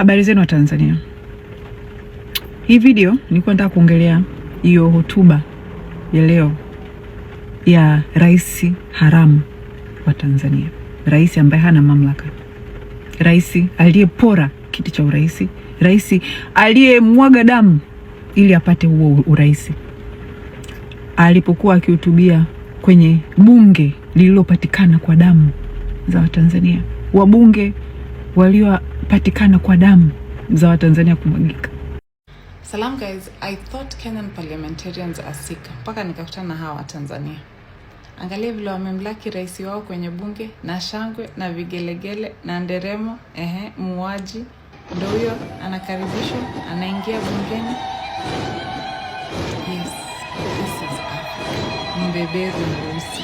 Habari zenu wa Tanzania. Hii video nilikuwa nataka kuongelea hiyo hotuba ya leo ya rais haramu wa Tanzania, rais ambaye hana mamlaka, rais aliyepora kiti cha urais, rais aliyemwaga damu ili apate huo urais, alipokuwa akihutubia kwenye bunge lililopatikana kwa damu za Watanzania, wabunge waliopatikana kwa damu za Watanzania kumwagika. Salam guys, I thought Kenyan parliamentarians are sick mpaka nikakutana na hawa Watanzania. Angalia vile wamemlaki rais wao kwenye bunge na shangwe na vigelegele na nderemo. Ehe, muuaji ndo huyo, anakaribishwa anaingia bungeni. Yes, this is Africa, mbeberu mweusi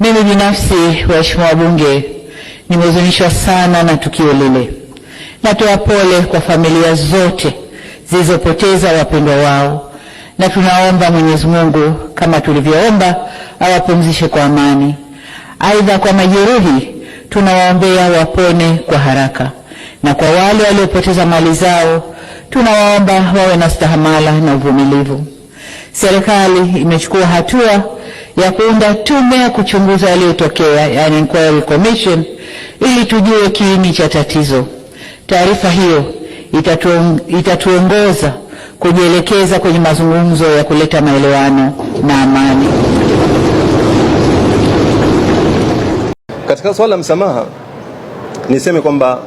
Mimi binafsi, waheshimiwa wabunge, nimehuzunishwa sana na tukio lile. Natoa pole kwa familia zote zilizopoteza wapendwa wao, na tunaomba Mwenyezi Mungu kama tulivyoomba awapumzishe kwa amani. Aidha, kwa majeruhi tunawaombea wapone kwa haraka, na kwa wale waliopoteza mali zao tunawaomba wawe na stahamala na uvumilivu. Serikali imechukua hatua ya kuunda tume ya kuchunguza yaliyotokea, yani inquiry commission, ili tujue kiini cha tatizo. Taarifa hiyo itatuongoza kujielekeza kwenye mazungumzo ya kuleta maelewano na amani. Katika suala la msamaha, niseme kwamba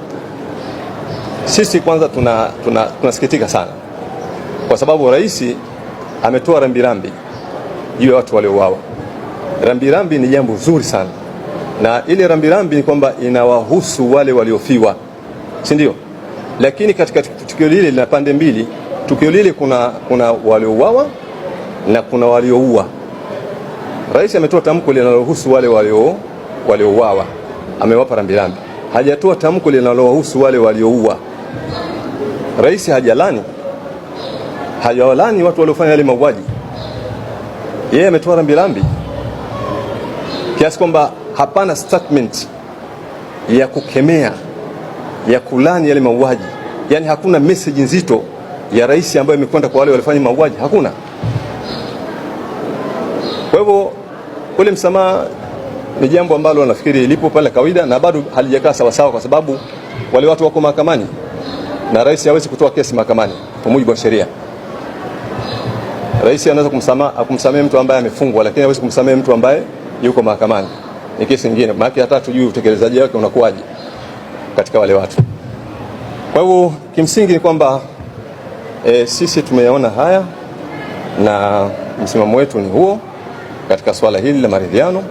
sisi kwanza tunasikitika tuna, tuna sana kwa sababu rais ametoa rambirambi juu ya watu waliouawa. Rambirambi ni jambo zuri sana, na ile rambirambi ni kwamba inawahusu wale waliofiwa, si ndio? Lakini katika tukio lile lina pande mbili. Tukio lile kuna, kuna waliouawa na kuna walioua. Rais ametoa tamko linalohusu wale waliouawa, amewapa rambirambi. Hajatoa tamko linalohusu wale walioua. Rais hajalani hajawalani watu waliofanya yale mauaji yeye ametoa rambirambi kiasi kwamba hapana statement ya kukemea ya kulani yale mauaji, yaani hakuna message nzito ya rais ambayo imekwenda kwa wale walifanya mauaji, hakuna. Kwa hivyo ule msamaha ni jambo ambalo nafikiri lipo pale kawaida na bado halijakaa sawasawa, kwa sababu wale watu wako mahakamani na rais hawezi kutoa kesi mahakamani kwa mujibu wa sheria. Rais anaweza kumsamehe mtu ambaye amefungwa, lakini hawezi kumsamehe mtu ambaye yuko mahakamani. Ni kesi nyingine, maana hata tujui utekelezaji wake unakuwaje katika wale watu. Kwa hivyo kimsingi ni kwamba e, sisi tumeyaona haya na msimamo wetu ni huo katika swala hili la maridhiano,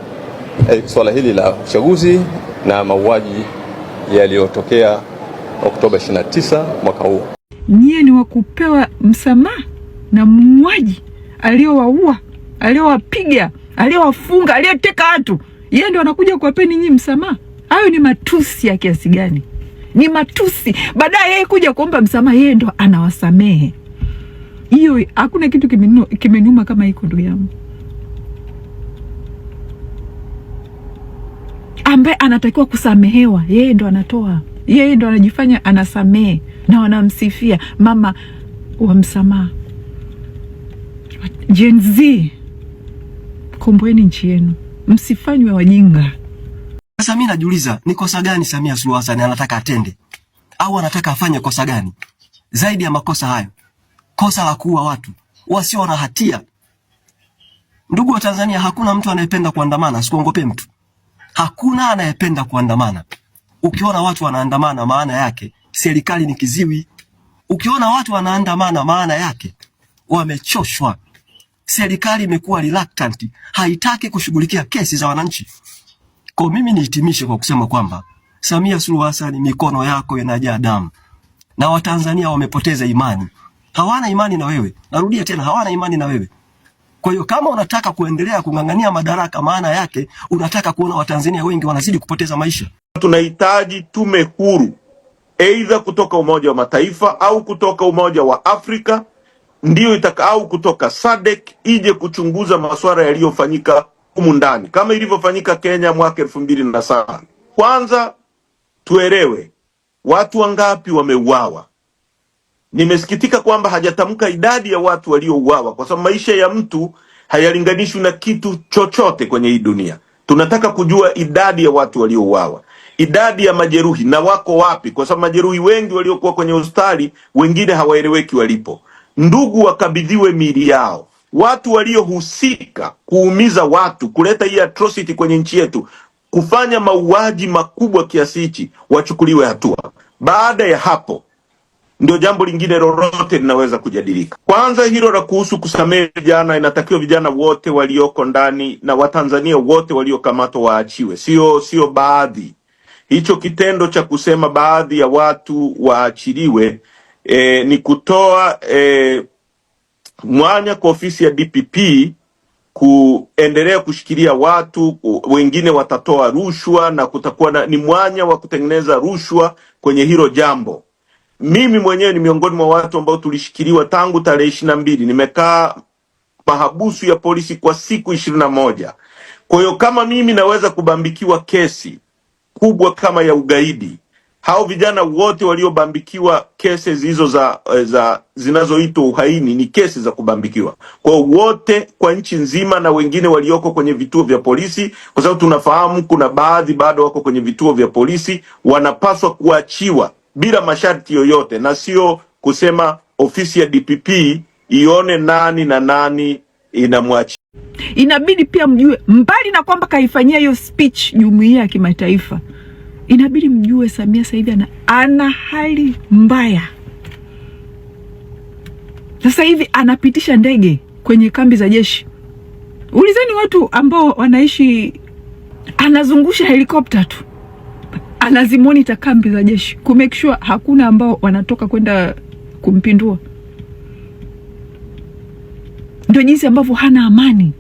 e, swala hili la uchaguzi na mauaji yaliyotokea Oktoba 29 mwaka huu. Nyie ni wa kupewa msamaha na muuaji aliyowaua, aliyowapiga, aliyowafunga, aliyeteka watu, yeye ndio anakuja kuwapeni nyinyi msamaha. Hayo ni matusi ya kiasi gani? Ni matusi. Baadaye yeye kuja kuomba msamaha, yeye ndo anawasamehe. Hiyo hakuna kitu kimenuma kama hiko, ndugu yangu, ambaye anatakiwa kusamehewa, yeye ndo anatoa, yeye ndo anajifanya anasamehe na wanamsifia mama wa msamaha. Gen Z, komboeni nchi yenu, msifanywe wajinga. Sasa mimi najiuliza ni kosa gani Samia Suluhu Hassan anataka atende au anataka afanye kosa gani zaidi ya makosa hayo, kosa la kuua watu wasio na hatia. Ndugu wa Tanzania, hakuna mtu anayependa kuandamana, sikuongope mtu. Hakuna anayependa kuandamana. Ukiona watu wanaandamana, maana yake serikali ni kiziwi. Ukiona watu wanaandamana, maana yake wamechoshwa serikali imekuwa reluctant, haitaki kushughulikia kesi za wananchi. Kwa mimi nihitimishe kwa kusema kwamba Samia Suluhu Hassan, mikono yako inajaa damu na Watanzania wamepoteza imani, hawana imani na wewe. Narudia tena, hawana imani na wewe. Kwa hiyo kama unataka kuendelea kung'ang'ania madaraka, maana yake unataka kuona Watanzania wengi wanazidi kupoteza maisha. Tunahitaji tume huru, aidha kutoka Umoja wa Mataifa au kutoka Umoja wa Afrika ndiyo itakaau kutoka SADC ije kuchunguza masuala yaliyofanyika humu ndani kama ilivyofanyika Kenya mwaka elfu mbili na saba. Kwanza tuelewe watu wangapi wameuawa. Nimesikitika kwamba hajatamka idadi ya watu waliouawa, kwa sababu maisha ya mtu hayalinganishwi na kitu chochote kwenye hii dunia. Tunataka kujua idadi ya watu waliouawa, idadi ya majeruhi na wako wapi, kwa sababu majeruhi wengi waliokuwa kwenye hospitali, wengine hawaeleweki walipo ndugu wakabidhiwe miili yao. Watu waliohusika kuumiza watu, kuleta hii atrocity kwenye nchi yetu, kufanya mauaji makubwa kiasi hichi, wachukuliwe hatua. Baada ya hapo ndio jambo lingine lolote linaweza kujadilika. Kwanza hilo la kuhusu kusamehe vijana, inatakiwa vijana wote walioko ndani na Watanzania wote waliokamatwa waachiwe, sio sio baadhi. Hicho kitendo cha kusema baadhi ya watu waachiliwe e, ni kutoa e, mwanya kwa ofisi ya DPP kuendelea kushikilia watu wengine, watatoa rushwa na kutakuwa na, ni mwanya wa kutengeneza rushwa kwenye hilo jambo. Mimi mwenyewe ni miongoni mwa watu ambao tulishikiliwa tangu tarehe ishirini na mbili. Nimekaa mahabusu ya polisi kwa siku ishirini na moja. Kwa hiyo kama mimi naweza kubambikiwa kesi kubwa kama ya ugaidi hao vijana wote waliobambikiwa kesi hizo za, eh, za zinazoitwa uhaini ni kesi za kubambikiwa kwao wote kwa nchi nzima, na wengine walioko kwenye vituo vya polisi, kwa sababu tunafahamu kuna baadhi bado wako kwenye vituo vya polisi, wanapaswa kuachiwa bila masharti yoyote, na sio kusema ofisi ya DPP ione nani na nani inamwachia. Inabidi pia mjue, mbali na kwamba kaifanyia hiyo speech jumuiya ya kimataifa inabidi mjue Samia sasa hivi ana, ana hali mbaya. Sasa hivi anapitisha ndege kwenye kambi za jeshi. Ulizeni watu ambao wanaishi, anazungusha helikopta tu anazimonita kambi za jeshi ku make sure hakuna ambao wanatoka kwenda kumpindua. Ndio jinsi ambavyo hana amani,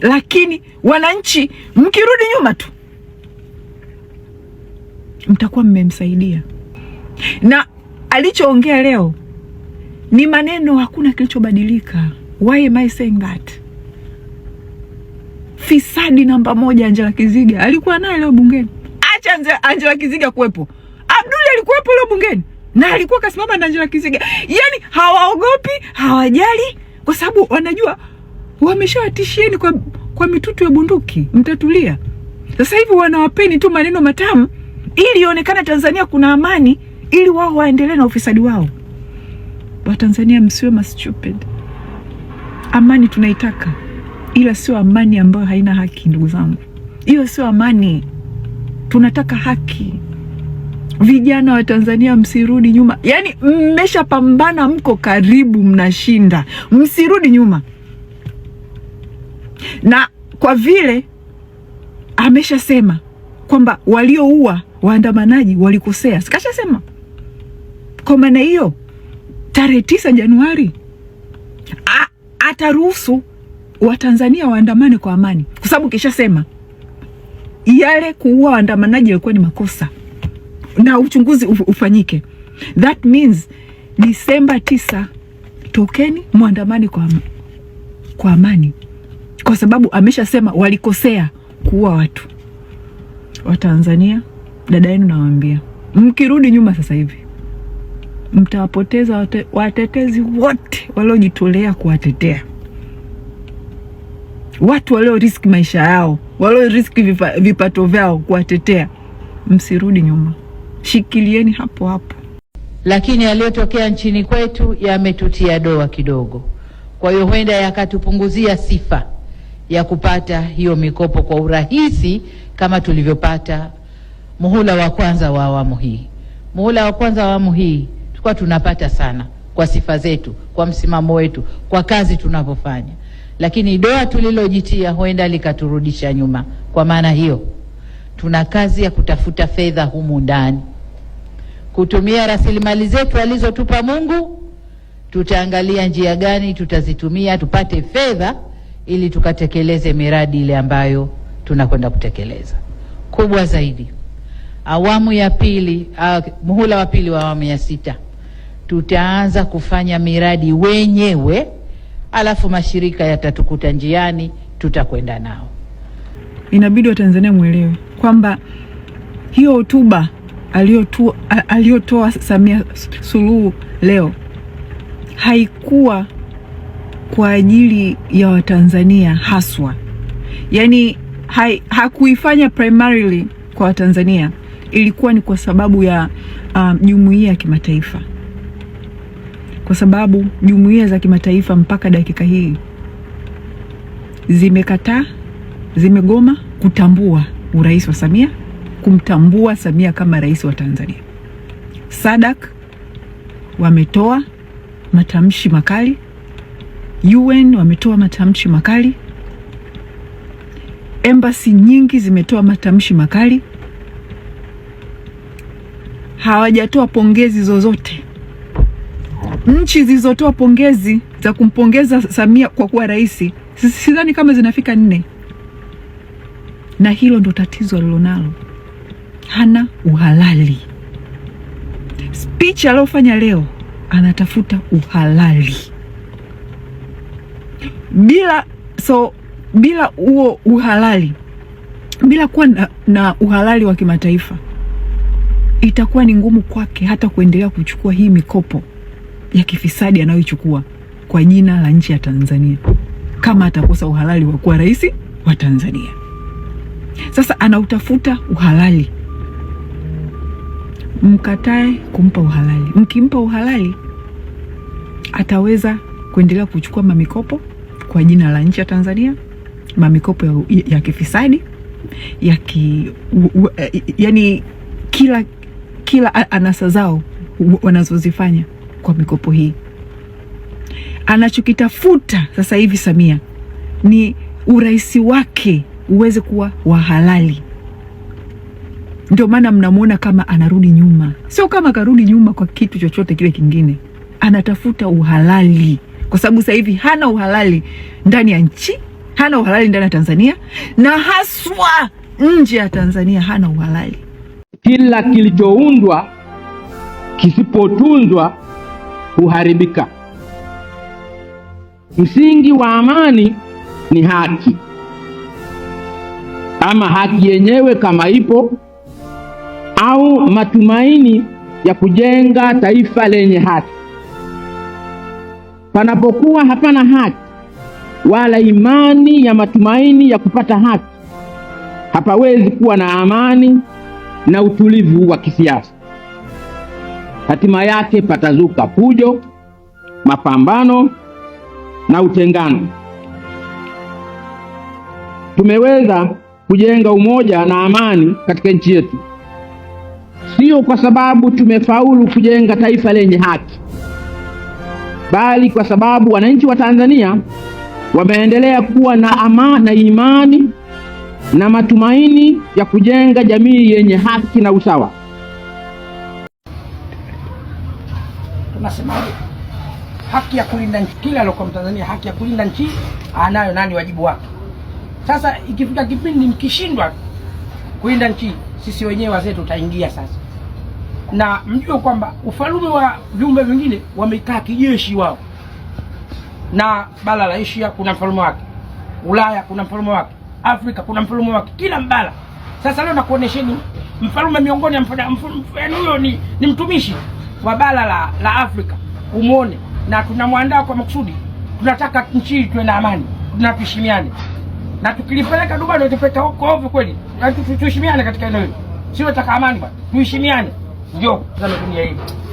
lakini wananchi mkirudi nyuma tu mtakuwa mmemsaidia. Na alichoongea leo ni maneno, hakuna kilichobadilika. Why am I saying that? Fisadi namba moja Angela Kiziga alikuwa naye leo bungeni. Acha Angela Kiziga kuwepo, Abduli alikuwepo leo bungeni na alikuwa kasimama na Angela Kiziga. Yani hawaogopi, hawajali, kwa sababu wanajua wameshawatishieni kwa, kwa mitutu ya bunduki, mtatulia. Sasa hivi wanawapeni tu maneno matamu ili ionekane Tanzania kuna amani, ili wao waendelee na ufisadi wao. Watanzania msiwe ma stupid. Amani tunaitaka, ila sio amani ambayo haina haki. Ndugu zangu, hiyo sio amani. Tunataka haki. Vijana wa Tanzania msirudi nyuma, yaani mmeshapambana, mko karibu, mnashinda, msirudi nyuma. Na kwa vile ameshasema kwamba walioua waandamanaji walikosea, sikashasema kwa maana hiyo tarehe tisa Januari ataruhusu Watanzania waandamane kwa amani, kwa sababu kishasema yale kuua waandamanaji yalikuwa ni makosa na uchunguzi ufanyike. That means Disemba tisa, tokeni mwandamani kwa, kwa amani, kwa sababu ameshasema walikosea kuua watu. Watanzania, dada yenu nawaambia, mkirudi nyuma sasa hivi mtawapoteza wate, watetezi wote waliojitolea kuwatetea watu walio riski maisha yao, walio riski vipa, vipato vyao kuwatetea. Msirudi nyuma, shikilieni hapo hapo. Lakini yaliyotokea nchini kwetu yametutia doa kidogo, kwa hiyo huenda yakatupunguzia sifa ya kupata hiyo mikopo kwa urahisi kama tulivyopata muhula wa kwanza wa awamu hii. Muhula wa kwanza wa awamu hii tulikuwa tunapata sana kwa sifa zetu, kwa msimamo wetu, kwa kazi tunavyofanya, lakini doa tulilojitia huenda likaturudisha nyuma. Kwa maana hiyo, tuna kazi ya kutafuta fedha humu ndani, kutumia rasilimali zetu alizotupa Mungu. Tutaangalia njia gani tutazitumia tupate fedha ili tukatekeleze miradi ile ambayo tunakwenda kutekeleza. Kubwa zaidi, awamu ya pili, uh, muhula wa pili wa awamu ya sita tutaanza kufanya miradi wenyewe, alafu mashirika yatatukuta njiani, tutakwenda nao. Inabidi Watanzania mwelewe kwamba hiyo hotuba aliyotoa Samia Suluhu leo haikuwa kwa ajili ya Watanzania haswa, yaani hakuifanya primarily kwa Watanzania, ilikuwa ni kwa sababu ya um, jumuiya ya kimataifa, kwa sababu jumuiya za kimataifa mpaka dakika hii zimekataa, zimegoma kutambua urais wa Samia, kumtambua Samia kama rais wa Tanzania. Sadak wametoa matamshi makali UN wametoa matamshi makali, embassy nyingi zimetoa matamshi makali, hawajatoa pongezi zozote. Nchi zilizotoa pongezi za kumpongeza Samia kwa kuwa rais sidhani kama zinafika nne, na hilo ndo tatizo alilonalo, hana uhalali. Speech aliyofanya leo anatafuta uhalali bila so bila huo uhalali, bila kuwa na, na uhalali wa kimataifa itakuwa ni ngumu kwake hata kuendelea kuchukua hii mikopo ya kifisadi anayoichukua kwa jina la nchi ya Tanzania kama atakosa uhalali wa kuwa rais wa Tanzania. Sasa anautafuta uhalali, mkatae kumpa uhalali. Mkimpa uhalali, ataweza kuendelea kuchukua mamikopo kwa jina la nchi ya Tanzania, mamikopo ya, ya kifisadi ya ki, e, yani kila kila anasa zao wanazozifanya kwa mikopo hii. Anachokitafuta sasa hivi Samia ni urais wake uweze kuwa wa halali. Ndio maana mnamwona kama anarudi nyuma, sio kama akarudi nyuma kwa kitu chochote kile kingine, anatafuta uhalali kwa sababu sasa hivi hana uhalali ndani ya nchi, hana uhalali ndani ya Tanzania na haswa nje ya Tanzania hana uhalali. Kila kilichoundwa kisipotunzwa huharibika. Msingi wa amani ni haki, ama haki yenyewe kama ipo, au matumaini ya kujenga taifa lenye haki. Panapokuwa hapana haki wala imani ya matumaini ya kupata haki, hapawezi kuwa na amani na utulivu wa kisiasa. Hatima yake patazuka fujo, mapambano na utengano. Tumeweza kujenga umoja na amani katika nchi yetu, sio kwa sababu tumefaulu kujenga taifa lenye haki bali kwa sababu wananchi wa Tanzania wameendelea kuwa na ama na imani na matumaini ya kujenga jamii yenye haki na usawa. Tunasemaje? haki ya kulinda nchi, kila aliyekuwa Mtanzania haki ya kulinda nchi anayo, nani wajibu wake? Sasa ikifika kipindi mkishindwa kulinda nchi, sisi wenyewe wazee tutaingia sasa na mjue kwamba ufalume wa viumbe vingine wamekaa kijeshi wao, na bara la Asia kuna mfalume wake, Ulaya kuna mfalume wake, Afrika kuna mfalume wake, kila mbara. Sasa leo nakuonesheni mfalume miongoni ya yaani huyo ni, ni mtumishi wa bara la, la Afrika umwone, na tunamwandaa kwa makusudi. Tunataka nchi itwe na amani, tunaheshimiane na tukilipeleka Dubai ndio tupeta huko ovyo kweli, na tuheshimiane katika eneo hilo, sio taka amani bwana, tuheshimiane. vô ra được cái gì